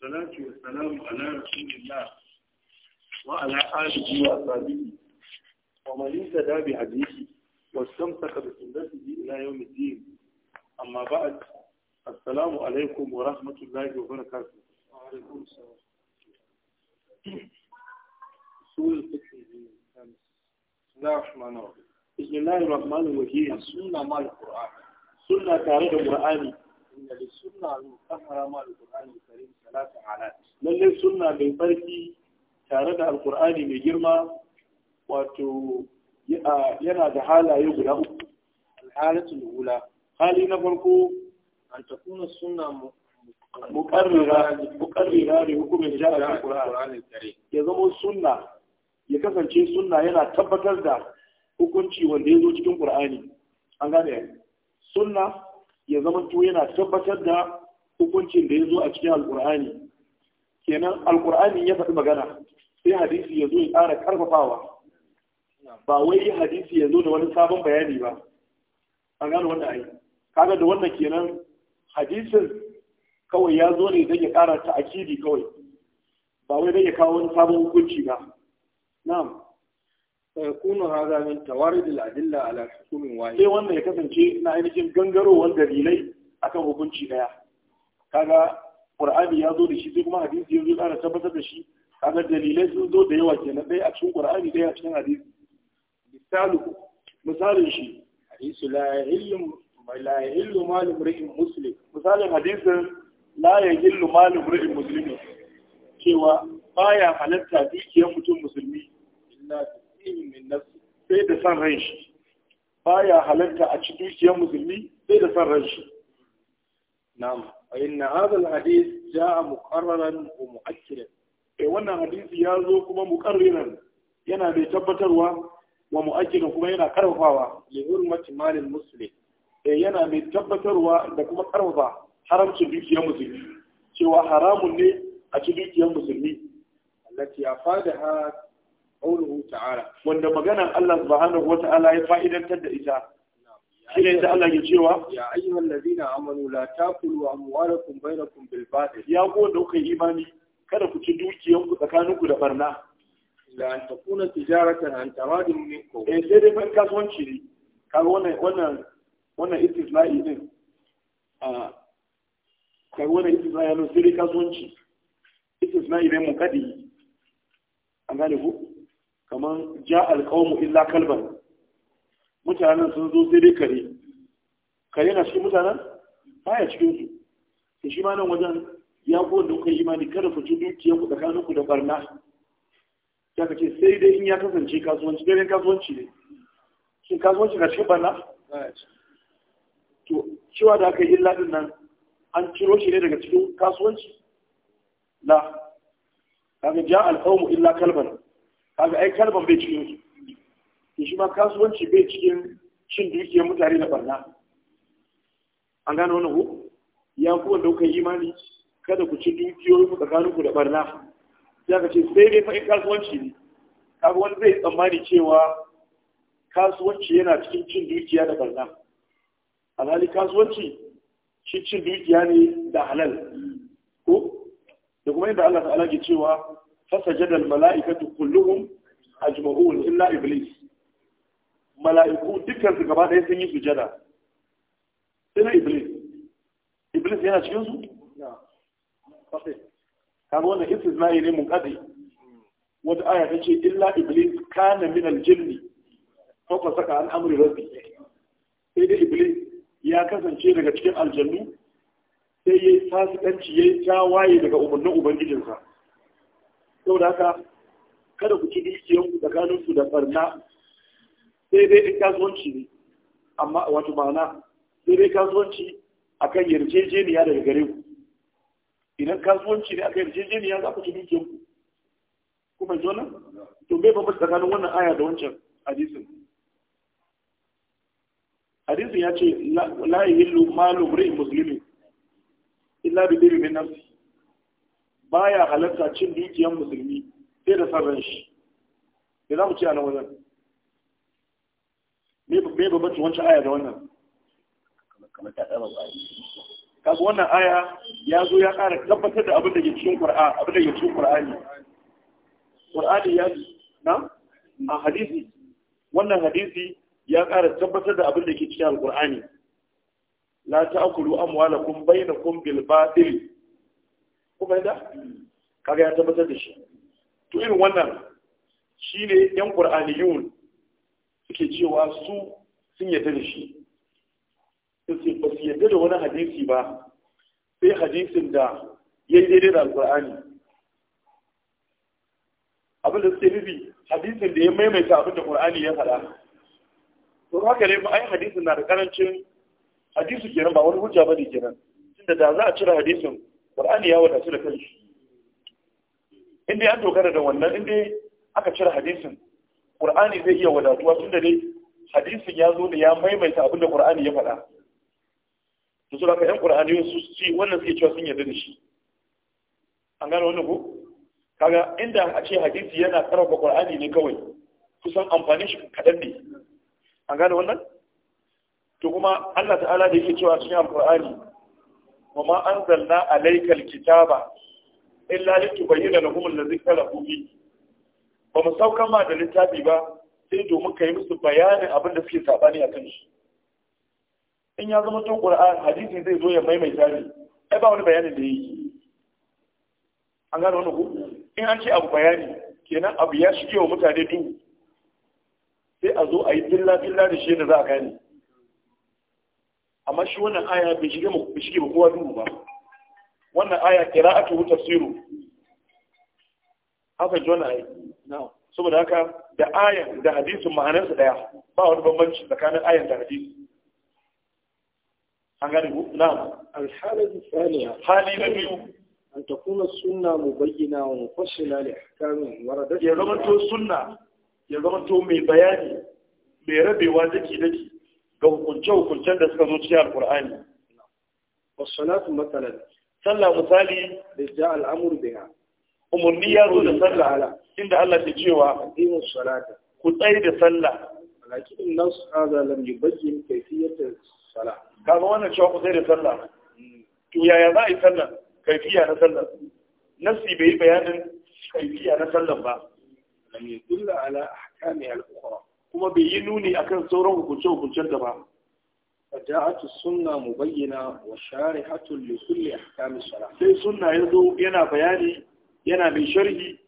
salatu wa salamu ala rasulillah wa ala alihi wa sahbihi wa man yusada bi hadithi wa istamsaka bi sunnatihi ila yawm al-din amma ba'd assalamu alaykum wa rahmatullahi wa barakatuh wa alaykum assalam Nah, mana? Bismillahirrahmanirrahim. Sunnah mal Quran. Sunnah tarikh Quran. inna li sunna mutahhara ma al-Qur'an al-Karim salatu lalle sunna mai farki tare da alkur'ani mai girma wato yana da halaye guda uku alhalatul ula hali na farko an takuna sunna muqarrira da hukumin jihar alkur'ani ya zama sunna ya kasance sunna yana tabbatar da hukunci wanda ya zo cikin qur'ani an gane sunna ya zama to yana tabbatar da hukuncin da ya zo a cikin alkur'ani kenan alkur'ani ya faɗi magana sai hadisi ya zo ya ƙara ƙarfafawa ba wai hadisi ya zo da wani sabon bayani ba an gano wannan ai kaga da wannan kenan hadisin kawai ya zo ne don ya ƙara ta'akidi kawai ba wai don ya kawo wani sabon hukunci ba na'am فيكون هذا من توارد الأدلة على حكم واحد sai wannan ya kasance na ainihin gangarowar dalilai akan hukunci daya kaga Qur'ani ya zo da shi sai kuma hadisi ya zo ƙara tabbatar da shi kaga dalilai sun zo da yawa kenan dai a cikin Qur'ani dai a cikin hadisi Misali, misalin shi hadisu la ilmu la ilmu mal imri'in muslim misalin hadisin la yahillu mal imri'in muslim cewa baya halatta dukiyar mutum musulmi illa fiqhin min nafsi sai da san ran shi baya halarta a ci dukiyar musulmi sai da san ran shi na'am fa inna hadha alhadith jaa muqarraran wa mu'akkidan eh wannan hadisi ya zo kuma muqarriran yana mai tabbatarwa wa mu'akkidan kuma yana karfafawa li hurmati malil muslim eh yana mai tabbatarwa da kuma karfafa haramcin dukiyar musulmi cewa haramun ne a ci dukiyar musulmi allati afadaha qawluhu ta'ala wanda magana Allah subhanahu wata'ala ya fa'idantar da ita shine da Allah ke cewa ya ayyuhal ladina amanu la taqulu amwalakum bainakum bil batil ya ku da kuka imani kada ku ci ku tsakaninku da barna la takuna tijaratan an tawadu minkum eh sai dai ban kasuwanci ne kaga wannan wannan wannan istisna'i din a kaga wannan istisna'i ne sai kasuwanci istisna'i ne mun kadi an gane ku kaman ja alqawmu illa kalban mutanen sun zo sai dai kare kare na cikin mutanen baya cikin su to shi ma nan wajen ya ko da kuka imani kada ku ci dukiyar ku tsakanin ku da barna ya ka ce sai dai in ya kasance kasuwanci dare kasuwanci ne shin kasuwanci ga cikin barna to cewa da aka yi illa din nan an ciro shi ne daga cikin kasuwanci la kaga ja alqawmu illa kalban kaga ai kalban bai cikin su to shi ma kasuwanci bai cikin cin dukiyar mutane da barna an gane wannan ko ya ku wanda kuka imani kada ku ci dukiyoyin ku tsakanin ku da barna ya ka ce sai dai in kasuwanci ne kaga wani zai tsammani cewa kasuwanci yana cikin cin dukiya da barna alhali kasuwanci shi cin dukiya ne da halal ko da kuma inda Allah ta'ala ke cewa فسجد الملائكة كلهم أجمعون إلا إبليس ملائكو دكان su gaba ɗaya sun yi sujada sai iblis iblis yana cikin su kaga wannan istisna'i ne munqadi wata aya ta ce illa iblis kana min aljinni fa fasaka an amri rabbi sai dai iblis ya kasance daga cikin aljannu sai yayi fasikanci yayi tawaye daga umarnin ubangijinsa saboda haka kada ku ci dukiyanku tsakaninsu da barna sai dai in kasuwanci ne amma wato ma'ana sai dai kasuwanci akan yarjejeniya daga gare ku idan kasuwanci ne akan yarjejeniya za ku ci dukiyanku kuma ji wannan to bai babu tsakanin wannan aya da wancan hadisin hadisin ya ce la yahillu malu imri'in musulmi illa bi dirri min nafsi baya halatta cin dukiyar musulmi sai da sarran shi me za mu ci ana nan wajen me babbancin wancan aya da wannan kaga wannan aya ya zo ya ƙara tabbatar da abin da ke cikin Qur'ani abin da ke cikin Qur'ani Qur'ani ya na a hadisi wannan hadisi ya ƙara tabbatar da abin da ke cikin Al-Qur'ani la ta'kulu amwalakum bainakum bil batil kuma yadda kaga ya tabbatar da shi to irin wannan shi ne yan qur'aniyun suke cewa su sun yadda da shi sai ba su yadda da wani hadisi ba sai hadisin da ya yi daidai da alqur'ani abin da suke nufi hadisin da ya maimaita abin da qur'ani ya faɗa to haka ne ai hadisin na da ƙarancin hadisi kenan ba wani hujja bane kenan tunda da za a cire hadisin qur'ani ya wadatu da kanshi in dai an dogara da wannan in dai aka cire hadisin qur'ani zai iya wadatuwa tun da dai hadisin ya zo da ya maimaita abin da qur'ani ya faɗa to saboda kan qur'ani su ci wannan sai cewa sun yarda da shi an gano wani ko kaga inda a ce hadisi yana ƙarfafa qur'ani ne kawai kusan amfani shi kaɗan ne an gano wannan to kuma Allah ta'ala da yake cewa cikin Alƙur'ani. wa ma anzalna alayka alkitaba illa litubayyana lahum allazi ikhtalafu fi ba mu sauka ma da littafi ba sai domin kai musu bayanin abin da suke sabani akan shi in ya zama tun qur'an hadisi zai zo ya maimaita ne ai ba wani bayanin da yake an gano wani ku in an ce abu bayani kenan abu ya shige wa mutane duhu sai a zo a yi billa billa da shi da za a gane amma shi wannan aya bai shige mu bai shige kowa duhu ba wannan aya qira'atu tafsiru haka jona ai aya saboda haka da aya da hadisin ma'anarsa daya ba wani bambanci tsakanin aya da hadisi an gane ku na'am al-halatu thaniya hali na biyu an kuma sunna mubayyana wa mufassila li ahkamin waradat ya zama to sunna ya zama to mai bayani mai rabewa daki daki ga hukunce-hukuncen da suka zo cikin alkur'ani wasu matsalar sallah misali da ja al'amur biya umarni zo da sallah ala inda Allah ke cewa aqimu salata ku tsaye da sallah lakin nas hada lam yubayyin kayfiyat salah ga wannan cewa ku tsaye da sallah to yaya za a yi sallah kaifiya na sallah nasi bai bayanin kaifiya na sallah ba lam yudulla ala ahkami al-ukhra kuma bai yi nuni akan sauran hukunce hukuncen da ba suna mu bayyana wa sharihatu li kulli ahkami salah sai sunna yazo yana bayani yana mai sharhi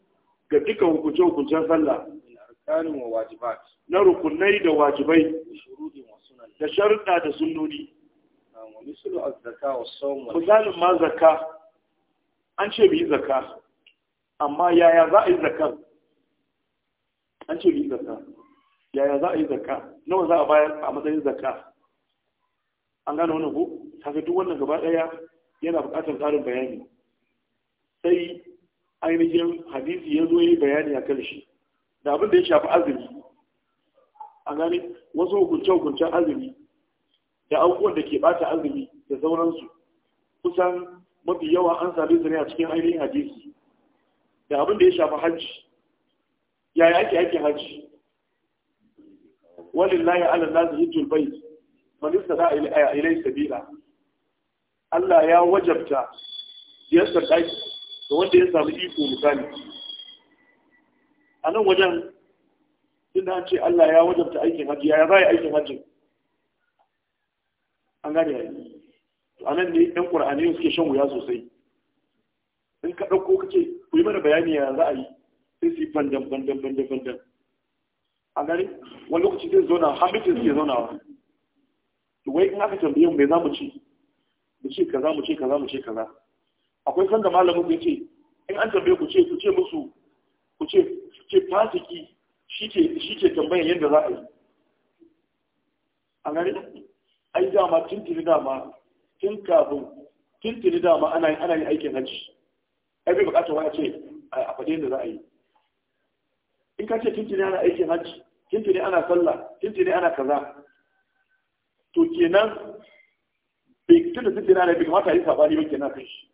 ga duka hukunce hukuncen sallah min arkani wa wajibat na rukunai da wajibai shurudi wa sunan da sharuda Na wani wa a zaka wa sawm wa zalim ma zaka. an ce bi zaka. amma yaya za a yi zakka an ce bi zaka. yaya za a yi zakka nawa za a bayar a matsayin zakka an gane wannan ko kaga duk wannan gaba daya yana buƙatar karin bayani sai ainihin hadisi ya zo yi bayani a kan shi da abin da ya shafi azumi an gane wasu hukunce-hukuncen azumi da abubuwan da ke bata azumi da sauransu kusan mafi yawa an sami su ne a cikin ainihin hadisi da abin da ya shafi hajji yaya ake ake hajji walillahi ala nasu hijjul bait man istada ilai sabila Allah ya wajabta ziyartar ɗaki da wanda ya samu iko misali a nan wajen inda an ce Allah ya wajabta aikin hajji ya zai aikin hajji an gane ya To a nan ne ɗan ƙur'ani suke shan wuya sosai in ka ɗauko ka ce ku yi mana bayani ya za a yi sai su yi bandan bandan bandan bandan a gari wani lokaci zai zauna hambitin suke zaunawa to wai in aka tambaye mu me za mu ci mu ce kaza mu ce kaza mu ce kaza akwai sanda malamin ku ce in an tambaye ku ce ku ce musu ku ce ku ce fasiki shike shike tambayan yadda za a yi a gari ai dama tuntuni dama tun kafin tuntuni dama ana ana yin aikin hajji ai bai bukatar wani ce a faɗi yadda za a yi in ka ce tuntuni ana aikin hajji kin tuni ana sallah kin tuni ana kaza to kenan bai tun da suke ana bai kamata yi sabani ba kenan kai shi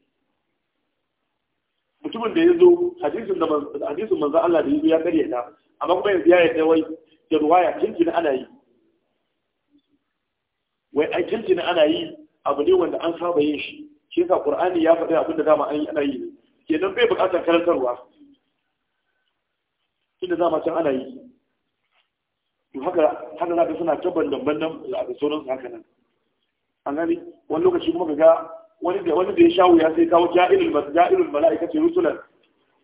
mutumin da ya zo hadisin da hadisin manzo Allah da ya kare ta amma kuma yanzu ya yi wai da ruwaya kin tuni ana yi wai a kin tuni ana yi abu ne wanda an saba yin shi shi yasa qur'ani ya faɗi abin da dama an yi ana yi kenan bai buƙatar karantarwa inda dama can ana yi to haka haka zaka suna ta nan bandan da sauran su haka nan an gani wani lokaci kuma ga wani da wani da ya sha wuya sai kawo ja'ilul ja'ilul mala'ikati rusulan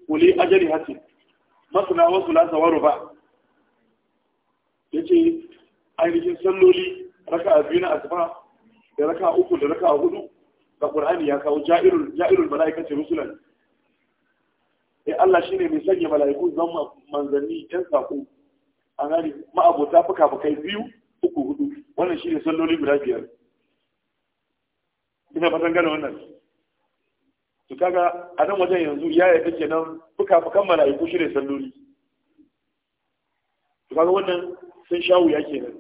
uli ajri hasi masana wasu la sawaru ba yace ainihin salloli raka'a biyu na asuba da raka'a uku da raka'a hudu ga qur'ani ya kawo ja'ilul ja'ilul mala'ikati rusulan eh Allah shine mai sanya mala'iku zama manzanni yan sako an gani ma'abota fuka-fukai biyu uku hudu wannan shi ne salloli guda biyar ina fatan gane wannan to kaga a nan wajen yanzu ya yarda nan fuka-fukan mala'iku shi ne salloli to kaga wannan sun sha wuya kenan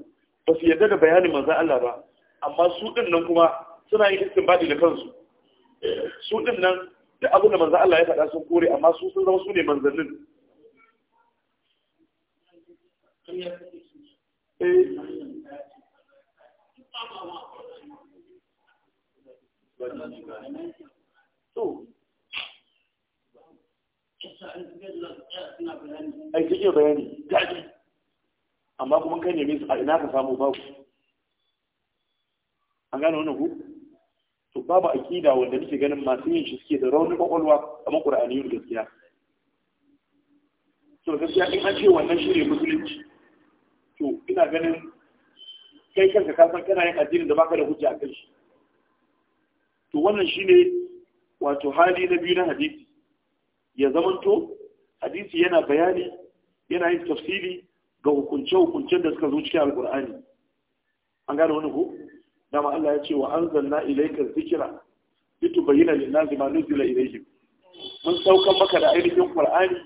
ba su yarda da bayanin manzan Allah ba amma su din nan kuma suna yin istinbadi da kansu su din nan da abin da manzan Allah ya faɗa sun kore amma su sun zama su ne manzannin Eh. to ai kike bayani daji amma kuma kai ne a ina ka samu babu an gane wani ku to babu akida wanda nake ganin masu yin shi suke da raunin kwakwalwa a qur'aniyun gaskiya to gaskiya in an ce wannan shirye musulunci to ina ganin kai kanka ka san kana yin addinin da baka da hujja a kan shi to wannan shine wato hali na biyu na hadisi ya zamanto hadisi yana bayani yana yin tafsiri ga hukunce-hukuncen da suka zo cikin alkur'ani an gane wani ku dama Allah ya ce wa an zanna ilaikar zikira litu bayyana lillahi ma nuzila ilaihim mun saukan maka da ainihin qur'ani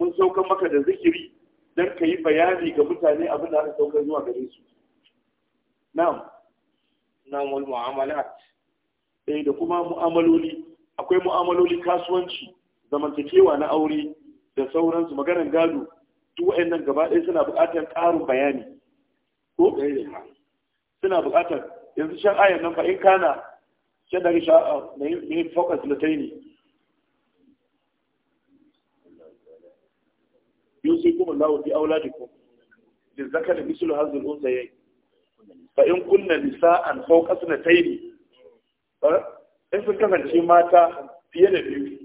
mun saukan maka da zikiri don ka yi bayani ga mutane abin da aka saukar zuwa gare su na'am na'am wal mu'amalat eh da kuma mu'amaloli akwai mu'amaloli kasuwanci zamantakewa na aure da sauransu maganar gado duk wayannan gaba ɗaya suna buƙatar ƙarin bayani ko ɗaya eh. suna buƙatar yanzu shan ayan nan fa in kana shan da na yin focus latini. يوصيكم الله في أولادكم للذكر مثل هذه الأنثيين فإن كن نساء فوق اثنتين إن كنت ماتا في يد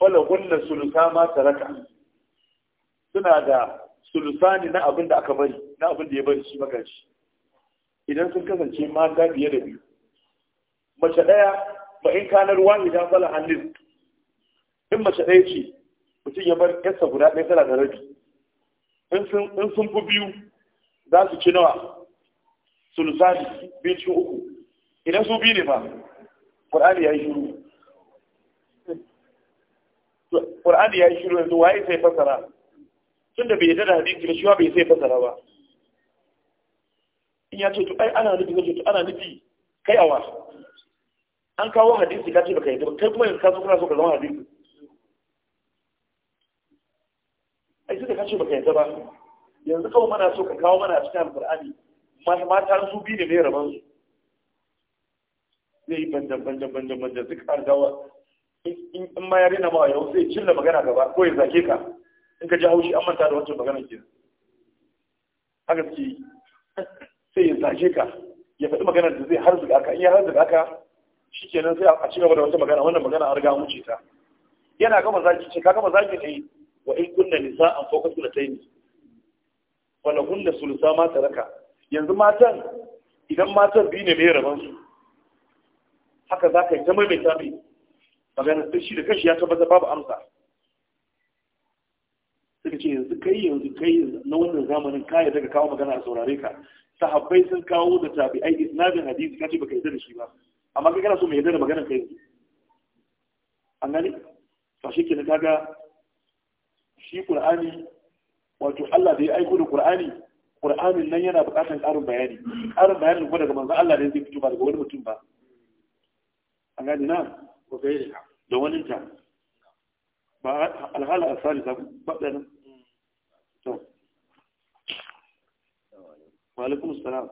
falagunna sulusa ma taraka suna da sulusani na abin aka bari na abin da ya bari shi idan sun kasance mata biye da biyu mace ɗaya ba in kanar wahida fala hannun in mace ɗaya ce mutum ya bar yarsa guda ɗaya tana da rabi in sun fi biyu za su ci nawa sulusani biyu cikin uku idan su biyu ne ba ƙwar'ani ya yi shiru ƙwar'ani ya yi shiru yanzu waye sai fasara tunda bai yadda da hadisi ba shi bai sai fasara ba in ya ce ai ana nufi zai ana nufi kai awa an kawo hadisi ka ce baka yadda kai kuma yanzu ka kuna so ka zama hadisi ai da kace baka yadda ba yanzu kawai mana so ka kawo mana a cikin al'fur'ani. mata su bi ne mai rabon su zai yi banjan banjan banjan banjan duk an in ma ya na mawa yau zai cilla magana gaba ko ya zake ka in ka ji haushi an manta da wancan magana ke haka ce sai ya zage ka ya faɗi magana da zai harzuga ka in ya harzuga ka shikenan sai a ci gaba da wata magana wannan magana an riga wuce ta yana gama zaki ce ka gama zaki ne nisa wa in kunna nisa'an fawqa sulatayni hunda su nisa ma raka. yanzu matan idan matan biyu ne mai raban su haka za ka yi ta maimaita mai magana sai shi da kashi ya tabbatar babu amsa suka ce yanzu kai yanzu kai na wannan zamanin kaya daga kawo magana a saurare ka sahabbai sun kawo da tabi'ai isnadin hadisi kace baka yarda da shi ba amma kai kana so mai yarda da maganar kai yanzu an gani to shi kenan kaga shi Qur'ani wato Allah da ya aiko da Qur'ani Qur'anin nan yana buƙatar ƙarin bayani ƙarin bayani kuma daga manzo Allah ne zai fito ba daga wani mutum ba an gani na ko gairi da wani ta ba alhala asali ta ba faɗa nan to wa alaikum assalam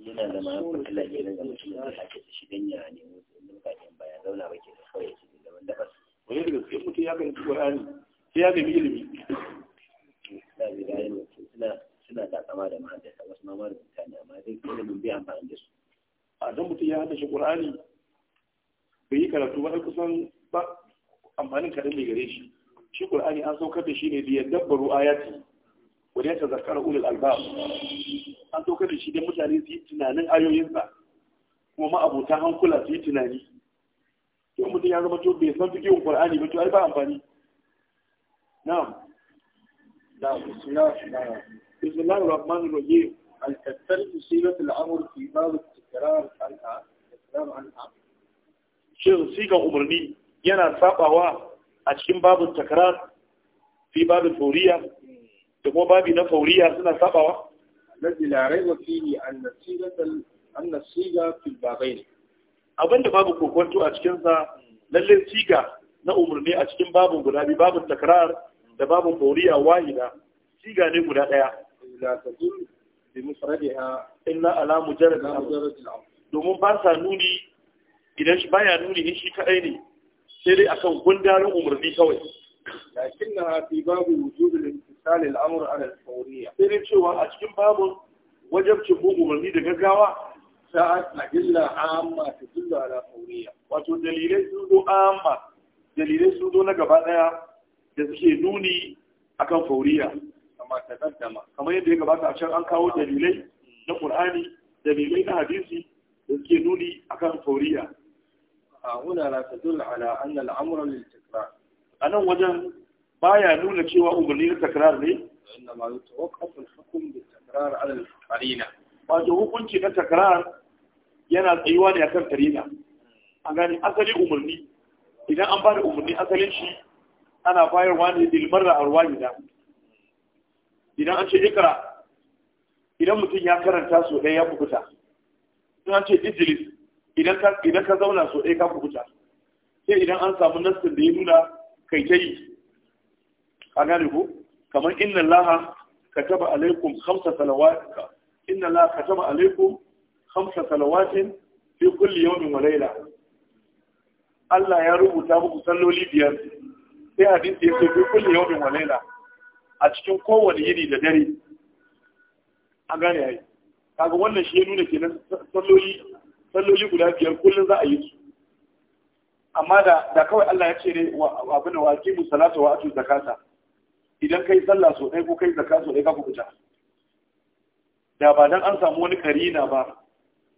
yana da ma'aikata Allah ya yi da mutum da sake shi ganya ne mutum da bayan zauna ba ke da kawai shi da wanda ba ko yadda ke mutum ya karanta Qur'ani sai ya nemi ilimi suna da kama da da wasu ma marubuta ne amma dai ilimin bai amfani da su a don mutum ya shi qur'ani bai yi karatu ba kusan ba amfanin kaɗan mai gare shi shi qur'ani an saukar da shi ne da ya dabbaru ayati wanda ya tazakkara ulul albab an saukar da shi don mutane su yi tunanin ayoyinsa kuma ma'abuta hankula su yi tunani to mutum ya zama to bai san fikin qur'ani ba to ai ba amfani نعم نعم بسم الله بسم الله الرحمن الرحيم هل الأمر في باب التكرار عنها عنها شيخ yana sabawa a cikin babin takrar fi babin fauriya da kuma babi na fauriya suna sabawa lazi larai wa fihi an nasigatal an nasiga fil babain abinda babu kokonto a cikin sa lalle na umurni a cikin babin guda bi babin takrar da babu fawriya wahida siga ne guda daya la tadun bi mufradiha illa ala mujarrad al domin ba sa nuni idan shi baya nuni in shi kadai ne sai dai akan gundarin umarni kawai na fi babu wujub al-imtisal al-amr ala al-fawriya sai dai cewa a cikin babun wajabcin bin umarni da gaggawa sa'at illa amma ta dilla ala fawriya wato dalilai sun zo amma dalilai sun zo na gaba daya da suke nuni akan fauriya kamar yadda ya gabata a can an kawo dalilai na Qur'ani dalilai na hadisi da suke nuni akan fauriya A لا تدل على أن الأمر للتكرار أنا وجه بايا نولا شيء أمرني للتكرار لي إنما يتوقف الحكم بالتكرار على القرينة wato hukunci na takrar yana tsayuwa ne akan karina a gani asali umarni idan an ba da umarni asalin shi ana bayarwa ne dilmar da da idan an ce ikra idan mutum ya karanta so ɗaya ya kubuta Idan an ce ijilis idan ka zauna so ɗaya ka kubuta sai idan an samu nassin da ya nuna kai ta yi a gane ku. kamar inna laha kataba alaikum khamsa salawatin inna laha kataba alaikum khamsa salawatin fi kulli yawmin wa layla Allah ya rubuta muku salloli biyar sai hadisi ya ce bi kulli yawmin wa layla a cikin kowane yini da dare an gane yi, kaga wannan shi ya nuna kenan salloli salloli guda biyar kullun za a yi su amma da da kawai Allah ya ce ne wa abin wa aqimu salata wa atu zakata idan kai sallah so ɗaya ko kai zakata so ɗaya ka kubuta da ba dan an samu wani karina ba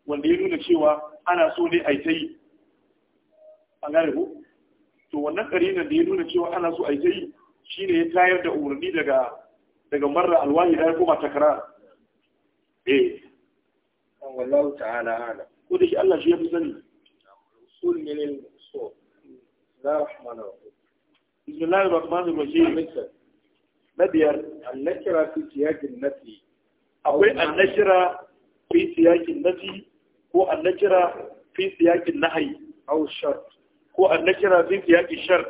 wanda ya nuna cewa ana so ne a yi ta yi an gane ku to wannan karinan da ya nuna cewa ana so a yi shi ne ya tayar da umarni daga daga marra alwahi da ya koma takrar eh wallahu ta'ala ala ko da shi Allah shi ya fi sani usul min al-usul la rahmana bismillahir rahmanir rahim na biyar annashira fi siyaqin nafi akwai annashira fi siyaqin nafi ko annashira fi siyaqin nahyi aw shart ko annakira fi siyaqi shart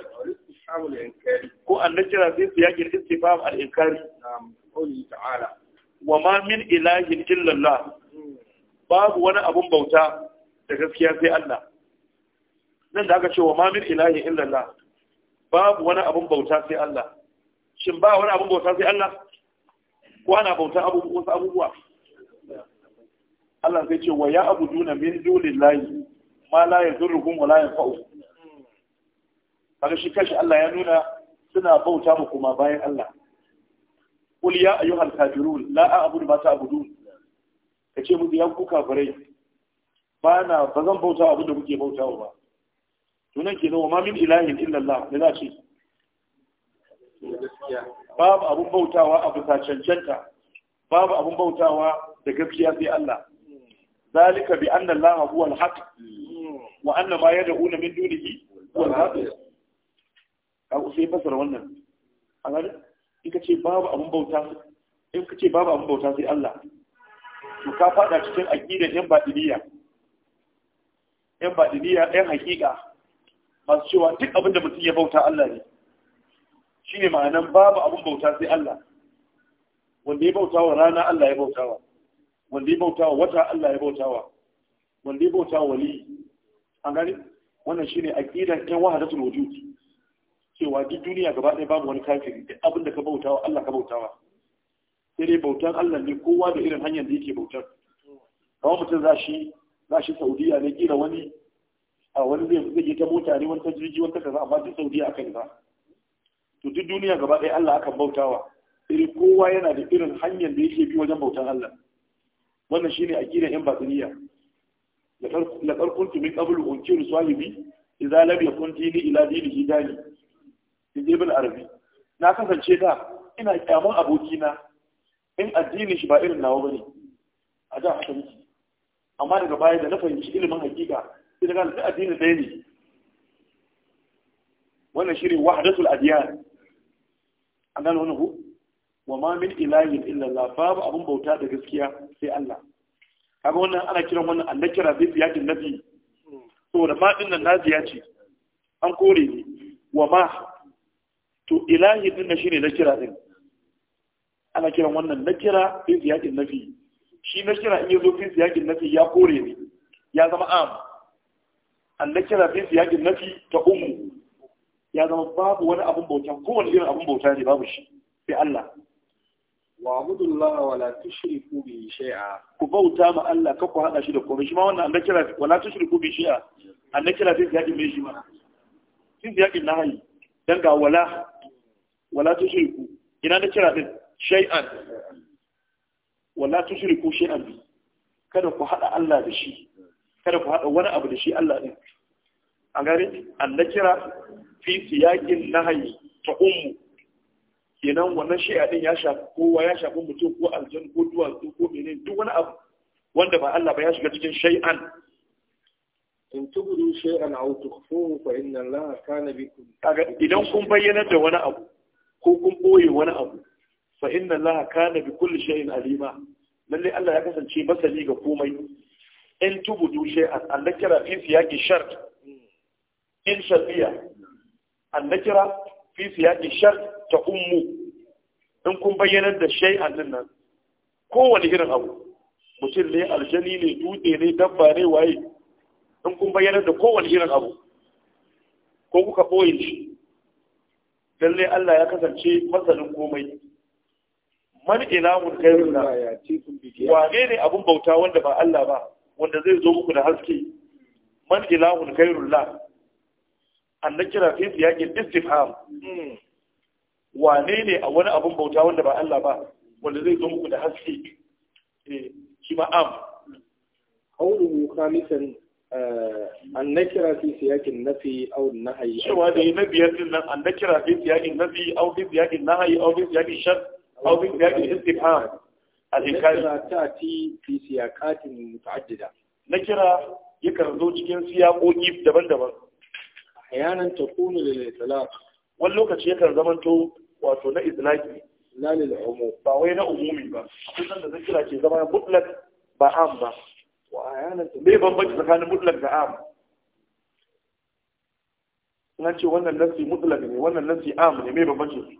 ko annakira fi siyaqi istifham al-inkari na'am qawli ta'ala wa ma min ilahin illa Allah babu wani abun bauta da gaskiya sai Allah nan da aka ce wa ma min ilahin illa Allah babu wani abun bauta sai Allah shin ba wani abun bauta sai Allah ko ana bauta abubuwa abubuwa Allah zai ce wa ya abuduna min dulillahi ma la yadurruhum wa la yanfa'uhum kaga shi kashi Allah ya nuna suna bauta mu kuma bayan Allah qul ya ayyuhal kafirun la a'budu ma ta'budun kace mu ya ku kafirai ba na ba zan bauta abin da kuke bautawa ba tunan ke nawa ma min ilahin illa Allah ne za ce babu abun bautawa abu ta cancanta babu abun bautawa da gaskiya sai Allah zalika bi anna Allah huwa al-haq wa anna ma yad'una min dunihi huwa al-haq kawo sai fasara wannan a gani in ka ce babu abin bauta in ka ce babu abin bauta sai Allah to ka fada cikin aqidar yan badiliya yan badiliya yan hakika masu cewa duk abin da mutum ya bauta Allah ne shine ma'anan babu abin bauta sai Allah wanda ya bauta wa rana Allah ya bauta wa wanda ya bauta wa wata Allah ya bauta wa wanda ya bauta wa wali an gani wannan shine aqidar yan wahadatul wujud cewa duk duniya gaba ɗaya babu wani kafiri duk abin da ka bautawa Allah ka bautawa sai dai bautan Allah ne kowa da irin hanyar da yake bautar kawai mutum za shi za shi Saudiya ne kira wani a wani zai zai yi ta mota ne wani ta wani ta kaza amma duk Saudiya akan ba to duk duniya gaba ɗaya Allah akan bautawa irin kowa yana da irin hanyar da yake bi wajen bautan Allah wannan shine aqidar yan batiniya la qarquntu min qablu unkiru sahibi idza lam yakun dini ila dinihi dani in ibn arabi na kasance da ina kyamun abokina in addinin shi ba irin nawa bane a da haka amma daga baya da na fahimci ilimin hakika sai daga da addini ɗaya ne wannan shirin wahdatul adiyan an gano wannan ku wa ma min ilahin illa Allah babu abun bauta da gaskiya sai Allah kaga wannan ana kiran wannan annakira bi yakin nabi hmm. saboda ma din nan ya ce an kore ni wa ma to ilahi din na shine na kira din ana kiran wannan na kira fi siyakin nafi shi na kira in yazo fi siyakin nafi ya kore ne ya zama am an na kira fi siyakin nafi ta ummu ya zama babu wani abun bauta ko wani irin abun bauta ne babu shi sai Allah wa abudullah wa la tushriku bi shay'a ku bauta ma Allah ka ku hada shi da komai shi ma wannan an na kira wa la tushriku bi shay'a an na kira fi siyakin nafi shi ma fi siyakin nahi dan ga wala wala tushriku ina da kira din shay'an wala tushriku shay'an bi kada ku hada Allah da shi kada ku hada wani abu da shi Allah din an gare an kira fi siyakin nahyi ta ummu kenan wannan shay'a din ya shafi kowa ya shafi mutum ko aljan ko duwatsu ko menene duk wani abu wanda ba Allah ba ya shiga cikin shay'an in tubudu shay'an aw tukhfuhu fa inna Allah kana bikum kaga idan kun bayyana da wani abu ko kun boye wani abu fa inna Allah kana bi kulli shay'in alima lalle Allah ya kasance masani ga komai in tubudu shay'an kira fi siyaqi shart in shartiya kira fi siyaqi shart ta ummu in kun bayyana da shay'an din nan kowane irin abu mutum ne aljani ne dutse ne dabba ne waye in kun bayyanar da kowane irin abu ko kuka ɓoye shi lallai Allah ya kasance masanin komai man kai gairuna wane ne abun bauta wanda ba Allah ba wanda zai zo muku da haske man ilahun an annan kira fi siyakin istifham hmm. wane ne a wani abun bauta wanda ba Allah ba wanda zai zo muku da haske eh, shi ma am qawluhu khamisan an na kira fi siyakin nafi au nahayi cewa da na biyar din nan an na kira fi siyakin nafi au fi siyakin nahayi au fi siyakin shar au fi siyakin istifham al-inkari ta ti fi siyaqatin muta'addida na kira yakan zo cikin siyaƙoƙi daban-daban ahyanan takunu lil itlaq wani lokaci yakan zamanto wato na itlaqi la lil umum ba wai na umumi ba kusan da zikira ke zama mutlaq ba am ba bai bambanci tsakanin mutlak da am na ce wannan nasi mutlak ne wannan nasi am ne mai bambanci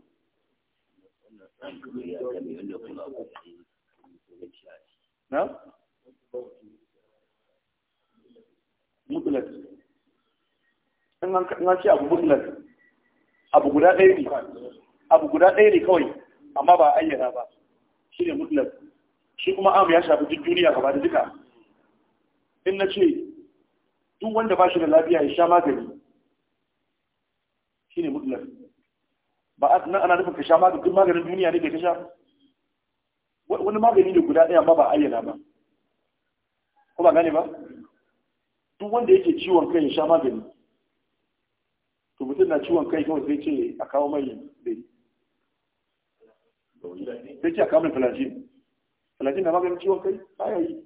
na? mutlak in an ce abu mutlak abu guda ɗaya ne abu guda ɗaya ne kawai amma ba a ayyana ba shi ne mutlak shi kuma Amu ya shafi duk duniya gaba da duka in na ce duk wanda ba shi da lafiya ya sha magani shi ne mutlar ba a nan ana nufin ka sha magani duk maganin duniya ne ka sha wani magani ne guda ɗaya ma ba ayyana ba ko ba gane ba duk wanda yake ciwon kai ya sha magani to mutum na ciwon kai kawai sai ce a kawo mai dai sai ce a kawo mai falajin. Falajin na maganin ciwon kai ba ya yi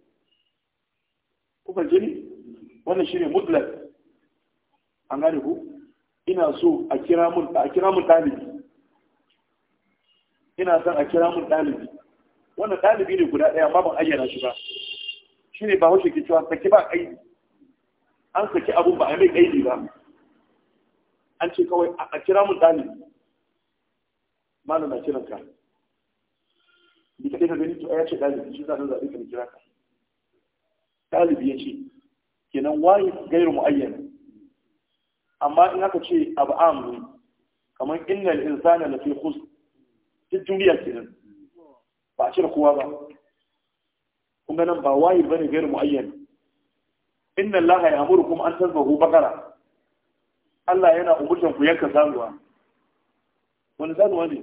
kufar jini wannan shi ne mutlak an gane ku ina so a kira mun a kira mun dalibi ina son a kira mun dalibi wannan dalibi ne guda daya amma ban ayyana shi ba ne ba wace ke cewa saki ba aiki. an saki abun ba a mai aidi ba an ce kawai a kira mun dalibi malam na kiranka ka bi ka gani to ya ce dalibi shi za a zaɓe ka kira ka talib ya ce kenan wayi gairu mu'ayyan amma in aka ce abu amri kamar innal insana lafi khus duk duniya kenan ba a cire kowa ba kuma nan ba wayi bane gairu mu'ayyan inna allaha kuma an tazbahu bakara Allah yana umurtan ku yanka zanuwa wani zanuwa ne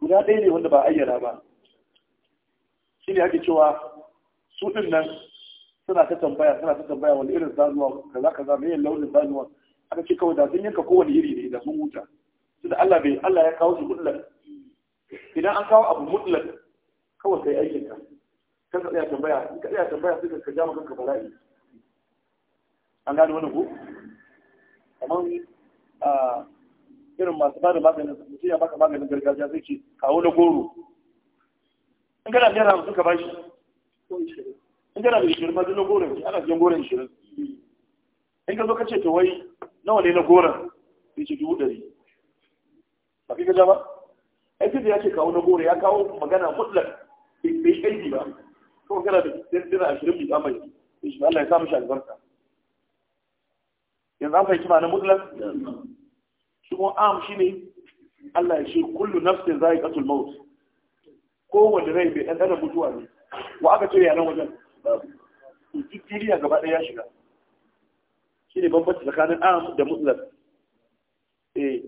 guda ɗaya ne wanda ba ayyana ba shi ne ake cewa su ɗin nan suna ta tambaya suna ta tambaya wani irin zanuwa kaza kaza zama yin launin zanuwa aka ce kawai da sun yanka kowane iri ne da sun huta tunda Allah bai Allah ya kawo shi mutlak idan an kawo abu mutlak kawai kai aikin ka kan ka tsaya tambaya ka tsaya tambaya sai ka ja maka ka bala'i an gane wani ko kamar irin masu bada maganin mutum ya baka maganin gargajiya zai ce kawo na goro in kana naira hamsin ka bashi in na da ishirin ma na goron ki ana siyan goron ishirin in ka zo ka ce to wai nawa ne na goron sai ce dubu dari. ba kai ka ja ba ai sai ya ce kawo na goro ya kawo magana mutlak bai bai aiki ba kuma kana da dindina ashirin bai kama yi sai shi Allah ya samu shi albarka yanzu an fahimci ma'anar mutlak shi kuma am shi ne Allah ya ce kullu nafsin za'iqatul maut kowanne rai bai ɗanɗana mutuwa ne wa aka ce ya nan wajen duk duniya gaba ɗaya ya shiga shi ne bambanci tsakanin am da mutlak eh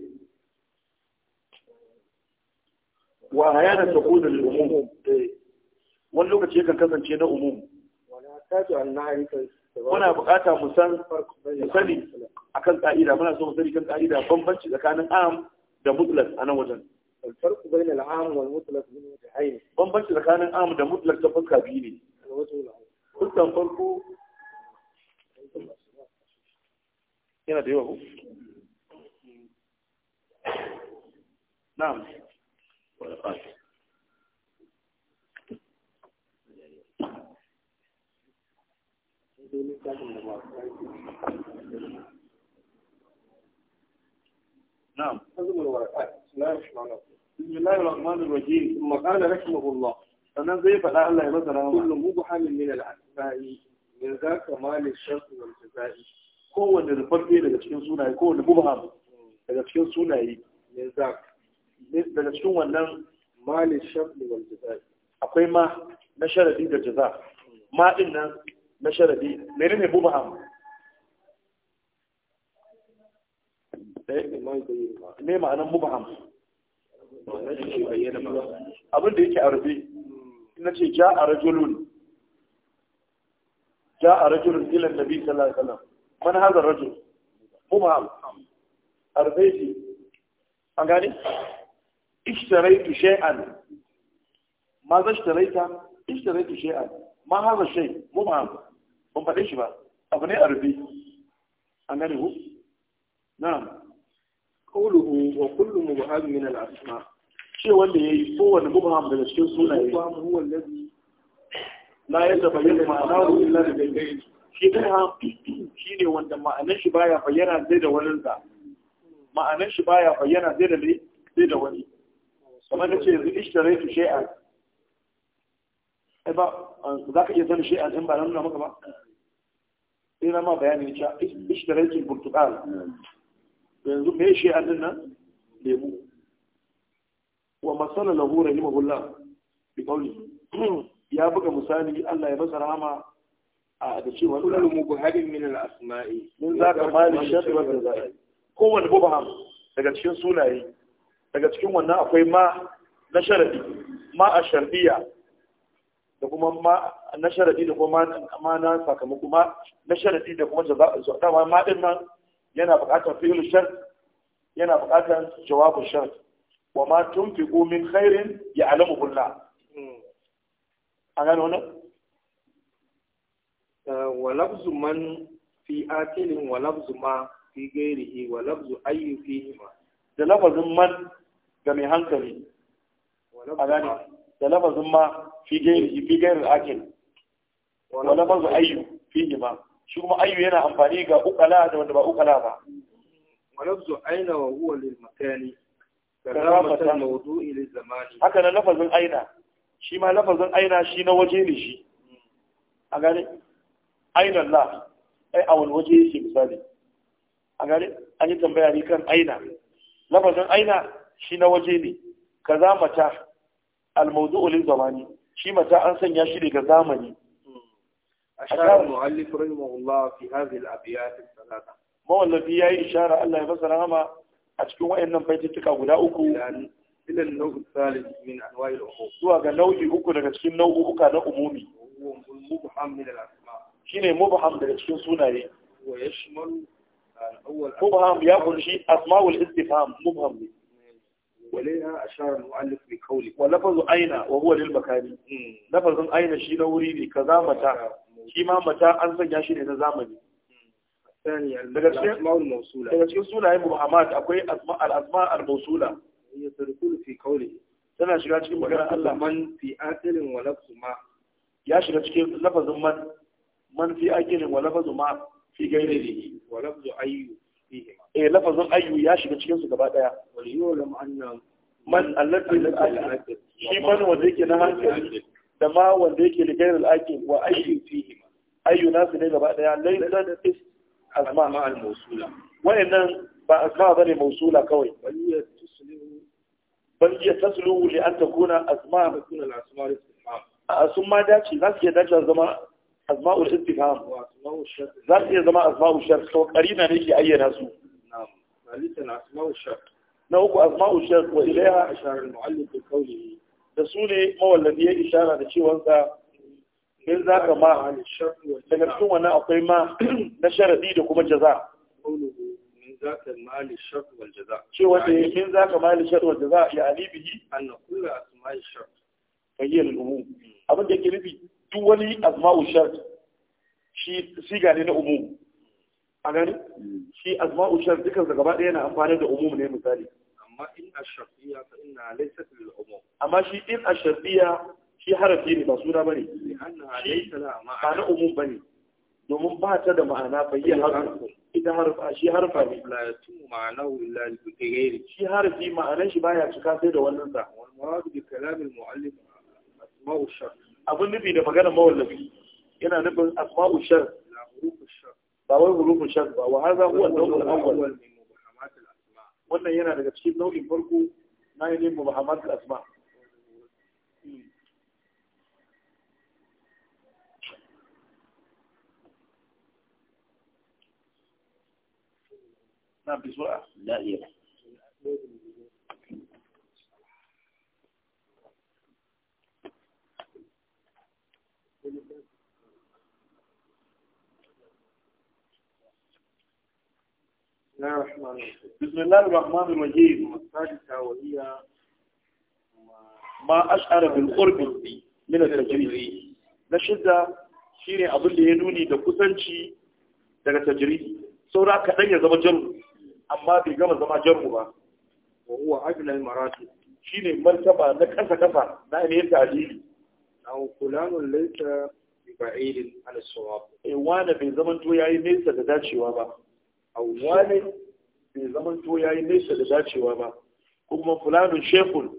wa hayana ta kudu da umum eh. wani lokaci yakan kasance na umum muna bukata mu san sani akan ka'ida muna so mu sani kan ka'ida bambanci tsakanin am da mutlak a nan wajen الفرق بين العام والمطلق من وجهين بمبنش لكان العام ده مطلق ده بيني الوجه lokutan farko yana da yawa نعم بسم الله الرحمن الرحيم ثم قال رحمه الله sannan zai faɗa Allah ya masa rahama kullu mubhamin min al-asma'i min zaka mali shart wal jazai kowanne rufaffe daga cikin sunaye kowanne mubham daga cikin sunaye min zaka daga cikin wannan mali shart wal jazai akwai ma na sharadi da jaza ma din nan na sharadi menene mubham ne ma'anar mubham abin da yake a rufe na ce ja a rajulun ja a rajulun ilan nabi sallallahu alaihi wasallam man haza rajul mubham arbaiti an gane ishtaraitu shay'an ma za shi ishtaraita ishtaraitu shay'an ma haza shay mubham ban faɗe shi ba abu ne arbi an gani ku Na. qawluhu wa kullu mubham min al-asma' ce wanda ya yi kowane mubham daga cikin sunaye la ya tabayyana ma'anahu illa da gaigayi shi mubham shi ne wanda ma'anar shi baya bayyana zai da wani za ma'anar shi baya bayyana zai da zai da wani kamar da ce yanzu ishtarai su shay'an ai ba za ka iya sanin shay'an in ba na nuna maka ba sai na ma bayani cewa ishtarai ki burtukal yanzu me shay'an din nan lemu wa na lahu rahimahullah bi qawli ya buga misali Allah ya masa rahama a da cewa kullu mubhadin min al asma'i min zaka mali shadda wa zai kowanne mubham daga cikin sunaye daga cikin wannan akwai ma na sharadi ma a shardiya da kuma ma na sharadi da kuma ma na sakamako ma na sharadi da kuma jaza'a dama ma din nan yana buƙatar fi'il shart yana buƙatar jawabin shart wa ma tunfiqu min khairin ya'lamuhu Allah hmm. an gano wannan eh, wa lafzu man fi atilin wa lafzu ma fi gairihi wa lafzu ayyu fihi ma da lafazin man ga mai hankali a gane da lafazin ma fi gairihi fi gairin akil wa lafzu ayyu fihi ma shi kuma ayyu yana amfani ga ukala da wanda ba ukala ba hmm. wa lafzu aina wa huwa lil makani karamatan zamani haka nan lafazin aina shi ma lafazin aina shi na waje ne shi a gane aina la ai a wani waje yake misali a gane an yi tambaya ne kan aina lafazin aina shi na waje ne Ka za mata almodu olin zamani shi mata an sanya shi ne ga zamani أشار المؤلف رحمه fi في هذه الأبيات Mawallafi ya yi ishara Allah ya fasa أما a cikin wayannan baitattuka guda uku ila nau'u salis min anwa'il uhum zuwa ga nau'i uku daga cikin nau'uka na umumi shine mubham daga cikin sunaye wa mubham ya kunshi asma'ul istifham mubham ne walaiha ashara al-mu'allif bi qawli wa lafazu aina wa huwa lil makani hmm. lafazun aina shi na wuri ne kaza mata shi ma mata an sanya shi ne na zamani daga cikin sunayen muhammad akwai al'azma al-mausula ya fi kauli tana shiga cikin maganar Allah man fi wa ma ya shiga cikin lafazin man man fi akilin wa ma fi gairihi wa lafzu ayyu eh lafazin ayyu ya shiga cikin su gaba daya man allati la shi man wanda yake na hankali da ma wanda yake da gairil akil wa ayyu fihi ayyu nasu ne gaba daya laysa asma ma al mausula ba asma bane mausula kawai bal iya tuslihu bal an takuna asma ma kun al asma a sun ma dace za su iya zama za su iya zama karina ne ke ayyana su na uku shar wa ilaiha da su ne mawallafi ya ishara da cewansa in za ka ma daga cikin wannan akwai ma na sharadi da kuma jaza cewa da ya za ka mali shar wal jaza ya alibihi an na kula asma'i shar kayyar al'umu abin da ke nufi duk wani asma'u shart shi siga ne na umu a gani shi asma'u shart dukkan sa gaba ɗaya na amfani da umu ne misali amma in a shafiya ya inna laysat lil umum amma shi in a shafiya shi harafi ne ba suna bane ba na umu bane domin ba ta da ma'ana fa yi ita harfa shi harfa ne la yatumu ma'anahu illa bi gairi. shi harfi ma'anan shi baya cika sai da wannan sa abin asma'u nufi da magana mawallafi yana nufin asma'u shar ba wai hurufun shar ba wa har za an-naw'u al wannan yana daga cikin nau'in farko na yin muhammadat al-asma' بسرعة لا يرى بسم الله الرحمن الرحيم السادسة وهي ما أشعر بالقرب من التجريد نشد شيري أظن ينوني دكوسنشي daga tajiri saura kaɗan ya zama amma bai gama zama jar'u ba wa huwa adnal maratu shine martaba na kasa kasa na ainihin ta'dili aw fulanun laysa ba'idin an sawab eh wani bai zaman to yayi nesa da dacewa ba aw wani bai zaman to yayi nesa da dacewa ba kuma fulanun shekul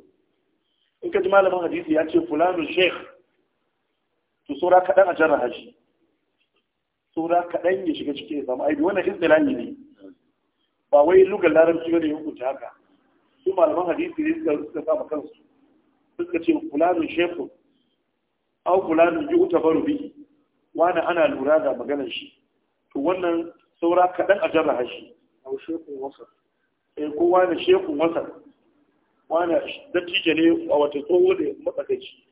in ka ji malamin hadisi ya ce fulanun shekh to saura kaɗan a jarra haji saura kaɗan ya shiga cikin ya samu aibi wannan izdilani ne ba wai lugar larabci bane ya hukunta haka su malaman hadisi ne suka suka saba kansu suka ce fulanun shefu au fulanun yi uta baro bihi wani ana lura da maganar shi to wannan saura kaɗan a jarra shi au shefu wasar eh ko wani shefu wasar wani dattijo ne a wata tsoho da matsakaici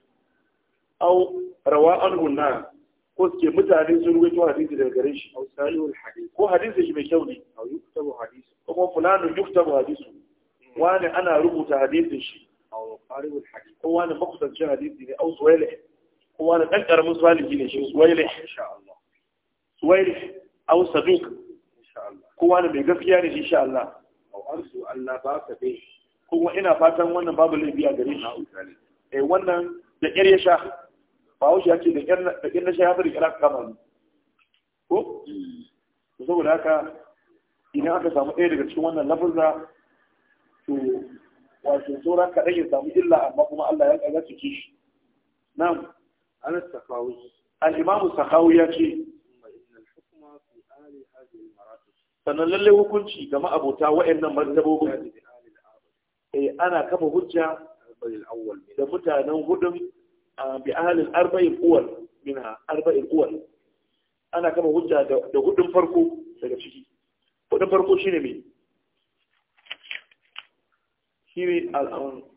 au rawa an hunna ko suke mutane sun ruwaito hadisi daga gare shi aw salihul hadith ko hadisi shi mai kyau ne aw yuktabu hadisi ko kuma yuktabu hadisi hmm. wani ana rubuta hadisin shi aw qaribul hadith ko wani makusancin hadisi ne au suwaili ko wani dan karamin salihi ne shi suwaili insha Allah suwaili aw saduq insha Allah ko wani mai gaskiya ne insha Allah Allah ba ka dai kuma ina fatan wannan babu laifi a gare shi eh wannan da ƙyar ya sha bahaushe ya ce da ƙin na shayatar kira kama ne ko saboda haka idan aka samu ɗaya daga cikin wannan lafazza to wato sauran kaɗan ya samu illa amma kuma Allah ya ƙaga ciki shi na'am an sakawi al ya ce sannan lallai hukunci ga abota wa'annan martabobin eh ana kafa hujja da mutanen hudun bi ahalin arba'in uwar minha arba'in uwar ana kama hujja da hudun farko daga ciki hudun farko shine me shine al'amun um,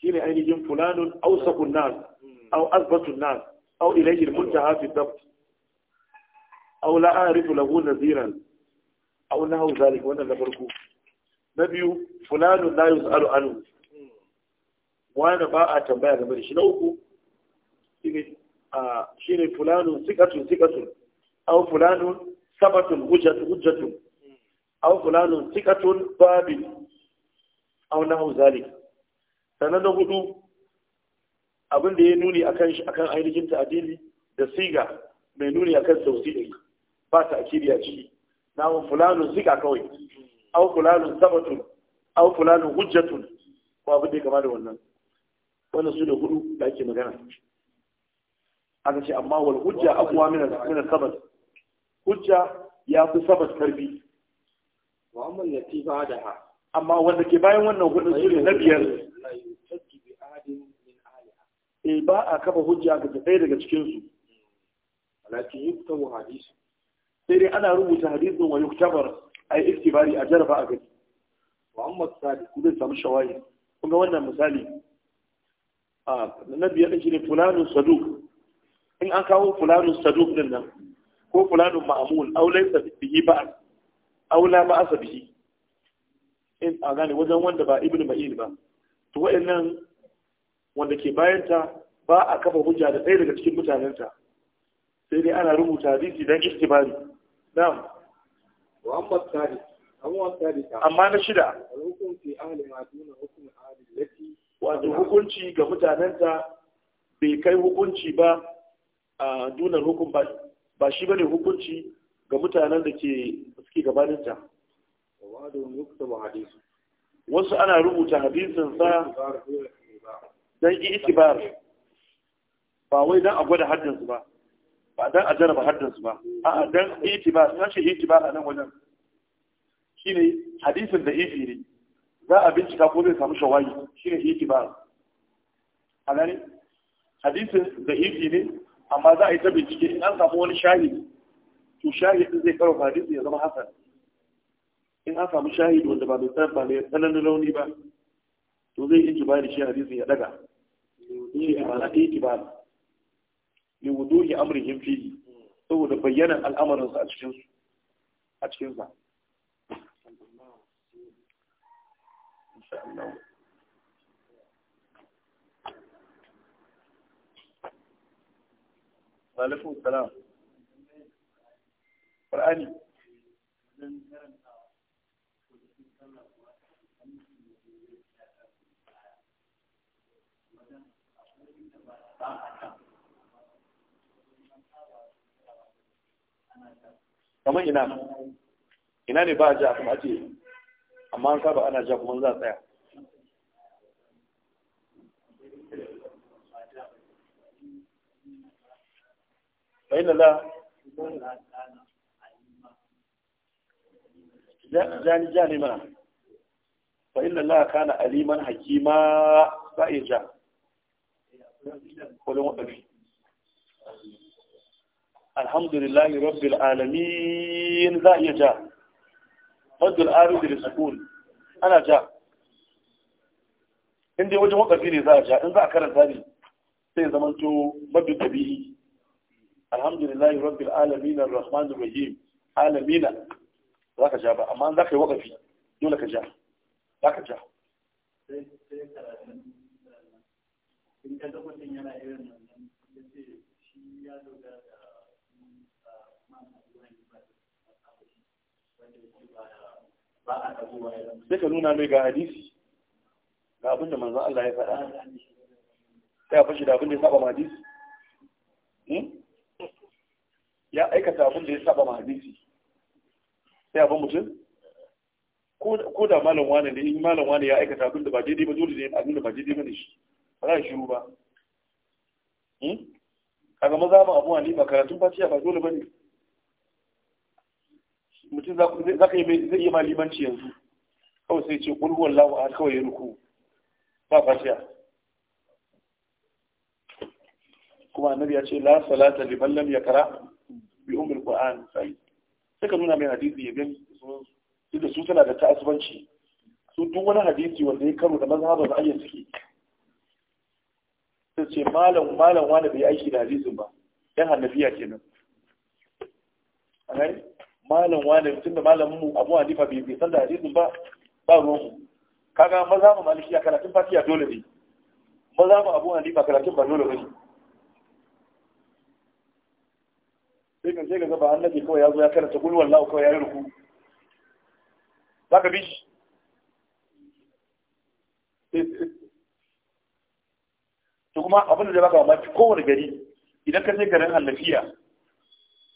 shine ainihin fulanun ausakun nas au azbatun nas au ilayhi al-muntaha fi dabt au la a'rifu lahu nadhiran au nahu zalik wannan da farko na biyu fulanun la yus'alu anhu wanda ba a tambaya game da shi na uku shi ne fulanun sikatun sikatun au fulanun sabatun hujjatun au fulanun sikatun babin au hau zalik sannan na hudu abin da ya nuni akan kan akan ainihin ta'adili da siga mai nuni akan sausi ɗin ba ta akiri a ciki na fulanun siga kawai au fulanun sabatun au fulanun hujjatun ko abin da ya kama da wannan wannan su ne hudu da ake magana aka ce amma wal hujja aqwa min min hujja ya fi sabat karfi wa amma ba'daha amma wanda ke bayan wannan hudun su ne na biyar E, ba a kafa hujja ga ɗaya daga cikin su lakin yuktabu hadisi sai dai ana rubuta hadisin wa yuktabar ai iktibari a jarba a gani wa amma sadiq kun samu shawayi kun ga wannan misali na biyar ɗin shi ne fulanun saduk in an kawo fulanun saduk din nan ko fulanun ma'amul aulai bihi ba aula ba asa bihi in a gane wajen wanda ba ibnu ma'in ba to wa'annan wanda ke bayanta ba a kafa hujja da ɗaya daga cikin mutanenta sai dai ana rubuta hadisi don istibari na'am wa amma tsari amma na shida al-hukm ahli ma duna ahli lati wato hukunci ga mutanenta bai kai hukunci ba a dunar hukun ba shi bane hukunci ga mutanen da ke suke gabaninta wasu ana rubuta hadisin sa don iti ba Ba wai don a gwada haddinsu ba ba don a jaraba haddinsu ba a don itibar na iti ba a nan wajen shi ne hadisin da ne. za a bincika ko zai samu shawayi shi ne hiki ba a nan hadisin da hiki ne amma za a yi ta bincike in an samu wani shahidi to shahidi zai karo hadisi ya zama hasan in an samu shahidi wanda ba mai tsananin launi ba to zai yi jibali shi hadisin ya daga shi ne ba ne jibali li wuduhi amrihim fihi saboda bayyana al'amarinsa a cikinsu a cikinsa insha Allah salam Qur'ani kamar ina ina ne ba a ji a kuma ake amma an saba ana ja kuma za tsaya bai lala jani jani mana fa inna Allah kana aliman hakima ba ya ja kwallon wadafi alhamdulillahi rabbil alamin za iya ja maddul arid da sukun ana ja in wajen wakafi ne za a ja in za a karanta ne sai zama to maddul tabi'i alhamdulillahi rabbil alamin rahim alamina za ka ja ba amma za ka yi wakafi dole ka ja za ka ja eh, in ka yana irin nan ce shi ya dogara sai ka nuna mai ga hadisi ga abinda manzan Allah ya faɗa ta a fashi da abinda ya saba ma hadisi hmm? ya aikata abinda ya saba ma hadisi sai abin mutum ko da malam wani ne in malam wani ya aikata abinda ba daidai ba dole ne abinda ba daidai ba ne shi ba za a shiru ba hmm? ga maza ba abuwa ne ba karatun fatiya ba dole ba ne mutum za ka yi zai iya malimanci yanzu kawai sai ce kulhu wallahu a kawai ya ruku ba fatiha kuma annabi ya ce la salata liman lam yakra bi al qur'an sai suka nuna mai hadisi ya gani duk da su tana da ta'asibanci. su duk wani hadisi wanda ya karo da mazhabar da ayyan suke sai ce malam malam wani bai aiki da hadisin ba yan hannafiya kenan a gani malam wani mutum da malamin mu abu nifa bai san da hadisin ba ba ruwan mu kaga maza mu a karatun fatiya dole ne maza mu abu nifa karatun ba dole ne sai kan sai ka gaba annabi kawai ya zo ya karanta gulwar la'u kawai ya yi ruku ka bi shi to kuma abin da baka mafi kowane gari idan ka sai garin hanafiya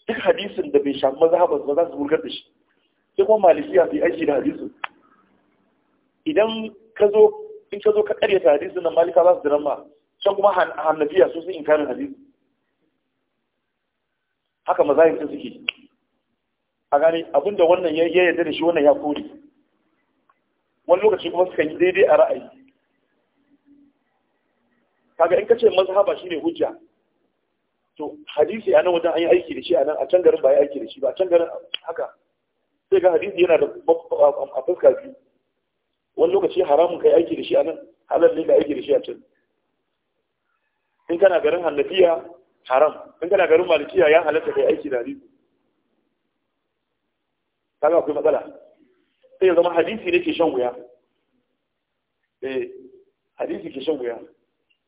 duk hadisin da bai shafi mazhaban ba za su gurgar da shi sai kuma malisiya su yi aiki da hadisin idan ka zo in ka zo ka karyata hadisin nan malika za su dira ma can kuma hannafiya su sun inkarin hadisin haka mazahib sun suke a gane abinda wannan ya yarda da shi wannan ya kore wani lokaci kuma suka yi daidai a ra'ayi kaga in ka ce mazhaba shine hujja to hadisi a nan wajen an yi aiki da shi a nan a can garin ba ya aiki da shi ba a can garin haka sai ga hadisi yana da a fuska biyu wani lokaci haramun kai aiki da shi a nan halar ne ka aiki da shi a can in kana garin hannafiya haram in kana garin malikiya ya halatta kai aiki da hadisi kaga akwai matsala sai ya zama hadisi ne ke shan wuya eh hadisi ke shan wuya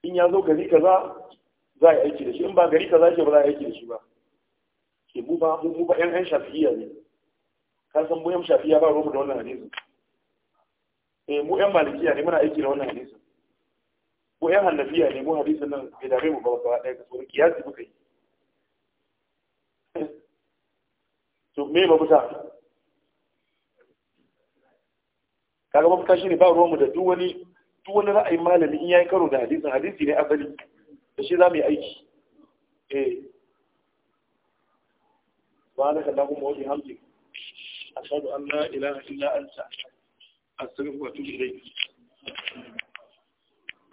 in ya zo gari kaza za a yi aiki da shi in ba gari ka ke ba za a yi aiki da shi ba ke mu ba mu ba yan yan shafiya ne ka san mu yan shafiya ba ruwa da wannan hadisi eh mu yan malikiya ne muna aiki da wannan hadisi mu yan hanafiya ne mu hadisin nan bai da mu ba ba ka kaso kiyasi muka yi to me mafita kaga shi ne ba ruwan mu da duk wani duk wani ra'ayin malami in yayi karo da hadisin hadisi ne asali da shi za mu yi aiki e eh. ba na kalla kuma wani hamdi a shaɗu an la'ila a shi a tsirin wato ilai